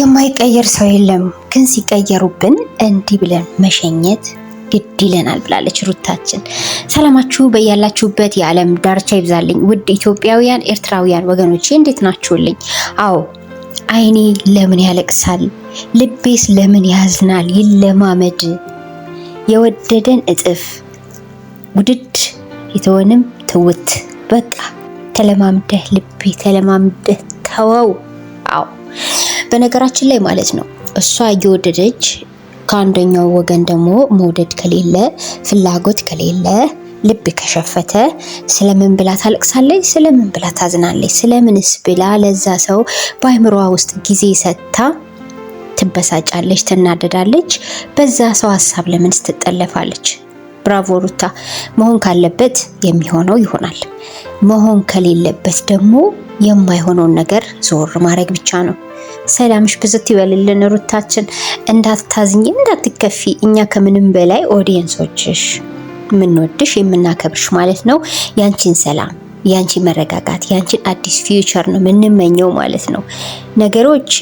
የማይቀየር ሰው የለም፣ ግን ሲቀየሩብን እንዲህ ብለን መሸኘት ግድ ይለናል ብላለች ሩታችን። ሰላማችሁ በያላችሁበት የዓለም ዳርቻ ይብዛልኝ። ውድ ኢትዮጵያውያን ኤርትራውያን ወገኖቼ እንዴት ናችሁልኝ? አዎ አይኔ ለምን ያለቅሳል? ልቤስ ለምን ያዝናል? ይለማመድ የወደደን እጥፍ ውድድ የተወንም ትውት በቃ ተለማምደህ ልቤ ተለማምደህ ተወው። አዎ በነገራችን ላይ ማለት ነው እሷ እየወደደች ከአንደኛው ወገን ደግሞ መውደድ ከሌለ ፍላጎት ከሌለ ልብ ከሸፈተ ስለምን ብላ ታለቅሳለች? ስለምን ብላ ታዝናለች? ስለምንስ ብላ ለዛ ሰው በአይምሯ ውስጥ ጊዜ ሰጥታ ትበሳጫለች፣ ትናደዳለች። በዛ ሰው ሀሳብ ለምን ስትጠለፋለች? ብራቮ ሩታ! መሆን ካለበት የሚሆነው ይሆናል። መሆን ከሌለበት ደግሞ የማይሆነውን ነገር ዞር ማድረግ ብቻ ነው። ሰላምሽ ብዝት ይበልልን ሩታችን፣ እንዳትታዝኝ፣ እንዳትከፊ። እኛ ከምንም በላይ ኦዲየንሶችሽ የምንወድሽ የምናከብርሽ ማለት ነው። ያንቺን ሰላም፣ ያንቺን መረጋጋት፣ ያንቺን አዲስ ፊውቸር ነው የምንመኘው ማለት ነው። ነገሮች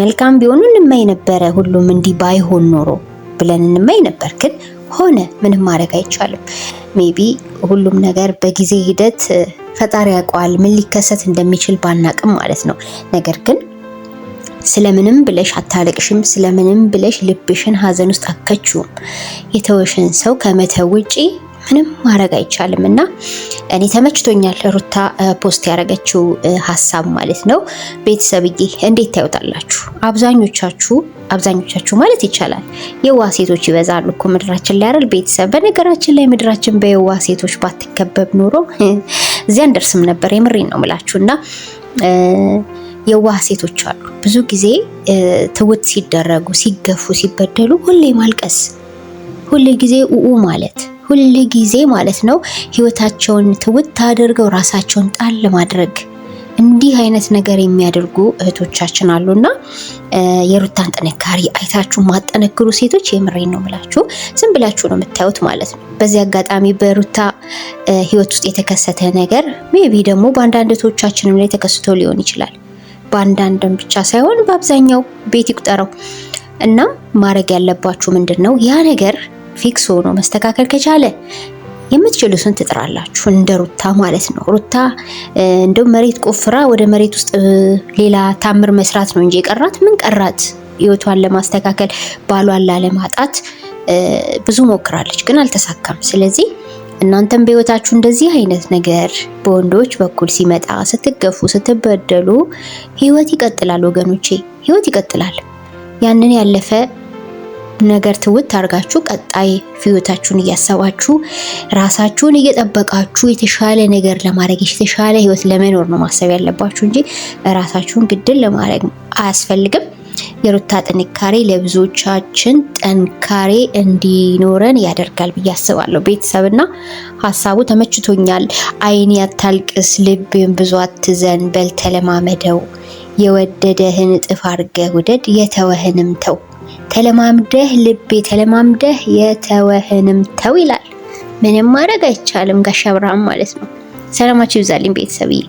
መልካም ቢሆኑ እንመኝ ነበረ፣ ሁሉም እንዲህ ባይሆን ኖሮ ብለን እንመኝ ነበር ግን ሆነ ምንም ማድረግ አይቻልም። ሜቢ ሁሉም ነገር በጊዜ ሂደት ፈጣሪ ያውቀዋል ምን ሊከሰት እንደሚችል ባናቅም ማለት ነው። ነገር ግን ስለምንም ብለሽ አታለቅሽም። ስለምንም ብለሽ ልብሽን ሀዘን ውስጥ አከችውም። የተወሽን ሰው ከመተው ውጪ ምንም ማድረግ አይቻልም እና እኔ ተመችቶኛል ሩታ ፖስት ያደረገችው ሀሳብ ማለት ነው። ቤተሰብዬ እንዴት ታዩታላችሁ? አብዛኞቻችሁ አብዛኞቻችሁ ማለት ይቻላል የዋ ሴቶች ይበዛሉ እኮ ምድራችን ላይ አይደል? ቤተሰብ በነገራችን ላይ ምድራችን በየዋ ሴቶች ባትከበብ ኖሮ እዚያ ደርስም ነበር። የምሬን ነው ምላችሁ እና የዋህ ሴቶች አሉ። ብዙ ጊዜ ትውት ሲደረጉ፣ ሲገፉ፣ ሲበደሉ ሁሌ ማልቀስ ሁሌ ጊዜ ኡኡ ማለት ሁል ጊዜ ማለት ነው ህይወታቸውን ትውት አድርገው ራሳቸውን ጣል ለማድረግ እንዲህ አይነት ነገር የሚያደርጉ እህቶቻችን አሉና የሩታን ጥንካሬ አይታችሁ ማጠነክሩ ሴቶች የምሬን ነው ምላችሁ፣ ዝም ብላችሁ ነው የምታዩት ማለት ነው። በዚህ አጋጣሚ በሩታ ህይወት ውስጥ የተከሰተ ነገር ሜቢ ደግሞ በአንዳንድ እህቶቻችንም ላይ ተከስቶ ሊሆን ይችላል። በአንዳንድም ብቻ ሳይሆን በአብዛኛው ቤት ይቁጠረው እና ማድረግ ያለባችሁ ምንድን ነው ያ ነገር ፊክስ ሆኖ መስተካከል ከቻለ የምትችሉትን ትጥራላችሁ፣ እንደ ሩታ ማለት ነው። ሩታ እንደው መሬት ቆፍራ ወደ መሬት ውስጥ ሌላ ታምር መስራት ነው እንጂ የቀራት ምን ቀራት? ህይወቷን ለማስተካከል ባሏን ላለማጣት ብዙ ሞክራለች፣ ግን አልተሳካም። ስለዚህ እናንተም በህይወታችሁ እንደዚህ አይነት ነገር በወንዶች በኩል ሲመጣ ስትገፉ፣ ስትበደሉ ህይወት ይቀጥላል ወገኖቼ፣ ህይወት ይቀጥላል። ያንን ያለፈ ነገር ትውት አድርጋችሁ ቀጣይ ህይወታችሁን እያሰባችሁ ራሳችሁን እየጠበቃችሁ የተሻለ ነገር ለማድረግ የተሻለ ህይወት ለመኖር ነው ማሰብ ያለባችሁ እንጂ ራሳችሁን ግድል ለማድረግ አያስፈልግም። የሩታ ጥንካሬ ለብዙዎቻችን ጠንካሬ እንዲኖረን ያደርጋል ብዬ አስባለሁ። ቤተሰብና ሀሳቡ ተመችቶኛል። አይን ያታልቅስ ልብን ብዙ አትዘን በል ተለማመደው የወደደህን እጥፍ አድርገህ ውደድ የተወህንም ተው ተለማምደህ ልቤ ተለማምደህ የተወህንም ተው ይላል። ምንም ማድረግ አይቻልም ጋሽ አብርሃም ማለት ነው። ሰላማችሁ ይብዛልኝ ቤተሰብዬ።